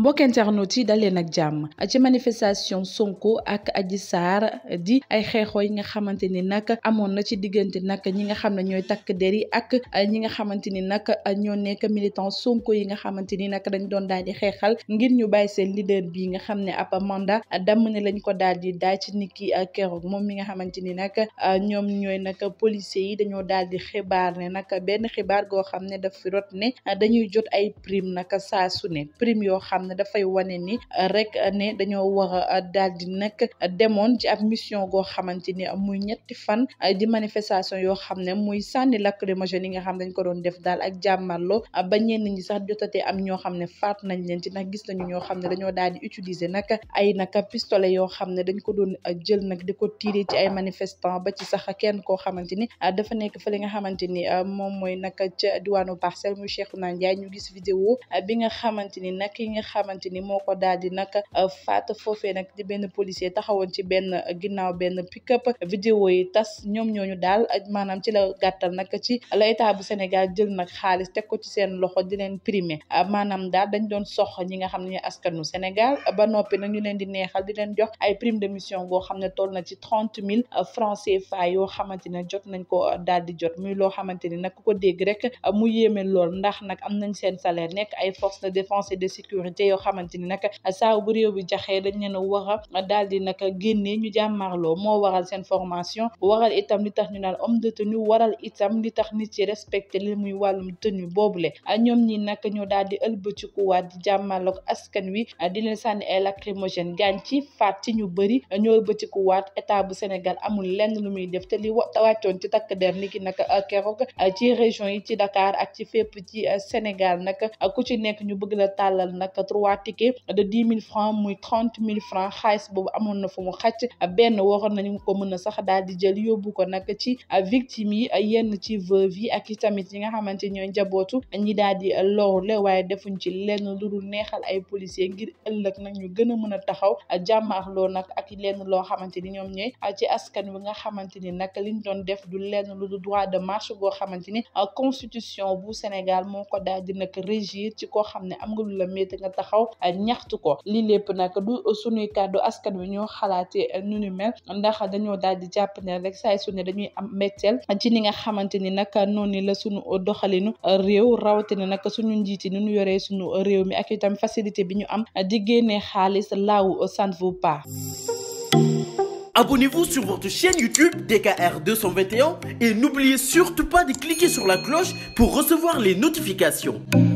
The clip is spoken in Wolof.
mbokk internautes yi daleen ak jàmm ci manifestation Sonko ak Adji Sarr di ay xeexoo yi nga xamante ni nag amoon na ci diggante nag ñi nga xam ne ñooy takk der yi ak ñi nga xamante ni nag ñoo nekk militant Sonko yi nga xamante ni nag dañ doon daal di xeexal ngir ñu bàyyi seen leader bi nga xam ne ab a damm ne lañ ko daal di daaj ci nit ki euh, keroog moom mi nga xamante ni nag euh, ñoom ñooy nag policiers yi dañoo daal di xibaar ne nag benn xibaar goo xam ne daf fi rot ne euh, dañuy jot ay prime nag sasu su ne prime yoo xam ne dafay wane ni euh, rek euh, ne dañoo war a euh, daal di nag demoon ci ab mission goo xamante ni muy ñetti fan di yoo xam ne muy sànni lacrymogène yi nga xam dañ ko doon def daal ak jàmmarloo ba ñenn ñi sax jotatee am ñoo xam ne faat nañ leen ci nag gis nañu ñoo xam ne dañoo daal di utiliser nag ay nag pistolet yoo xam ne dañ ko doon jël nag di ko tirer ci ay manifestant ba ci sax kenn koo xamante ni dafa nekk fële nga xamante ni moom mooy nag ca diwaanu parcelle muy Cheikhouna Ndiaye ñu gis vidéo bi nga xamante xamante ni moo ko daal di nag euh, faat foofee nag di benn policier taxawoon ci benn euh, ginnaaw benn pick-up vidéo yi tas ñoom ñooñu daal euh, maanaam ci la gàttal nag ci la état bu Sénégal jël nag xaalis teg ko ci seen loxo di leen primé maanaam daal dañ doon sox ñi nga xam ne ñooy askanu Sénégal ba noppi nag ñu leen di neexal di leen jox ay prime de mission goo xam ne tool na ci trente mille francs CFA yoo xamante ne jot nañ ko daal di jot muy loo xamante ni nag ku ko dégg rek mu yéeme lool ndax nag am yoo xamante ni nag saa bu réew bi jaxee dañ leen a war a daal di nag génnee ñu jàmmaarloo moo waral seen formation waral itam li tax ñu naan homme de tenue waral tax nit ci respecté li muy wàllum tenue boobule ñoom ñi nag ñoo daal di ëlbëcikuwaat di jàmmaarloog askan wi di leen sànni ay lacrymogène gaañ ci faat ci ñu bëri ñoo ëlbëcikuwaat état bu Sénégal amul lenn lu muy def te li wàccoon ci takk der ni ki nag keroog ci région yi ci Dakar ak ci fépp ci Sénégal nag ku ci nekk ñu bëgg la tàllal nag waa ticket de dix mille francs muy trente mille francs xaalis boobu amoon na fu mu xàcc benn waroon nañu ko mën a sax daal di jël yóbbu ko nag ci victime yi yenn ci veuve yi a ki tamit yi nga xamante ñooy njabootu ñi daal di lorule waaye defuñ ci lenn lu dul neexal ay policier ngir ëllëg nag ñu gën a mën a taxaw jàmmaarloo nag ak lenn loo xamante ni ñoom ñooy ci askan bi nga xamante ni nag liñ doon def du lenn lu dul droit de marche goo xamante ni constitution bu Sénégal moo ko daal di nag régir ci koo xam ne am nga lu la métti nga tax xaw taxaw ñaxtu ko lii lépp nag du sunuy kàddu askan wi ñu xalaate nu ñu mel ndax dañoo daal di jàpp ne rek saay su dañuy am mbetteel ci ni nga xamante ni nag noonu la sunu doxalinu réew rawatina nag suñu njiiti nu ñu yoree sunu réew mi ak itam facilité bi ñu am di génnee xaalis laaw ça ne vaut pas. Abonnez-vous sur votre chaîne YouTube DKR et n'oubliez surtout pas de cliquer sur la cloche pour recevoir les notifications.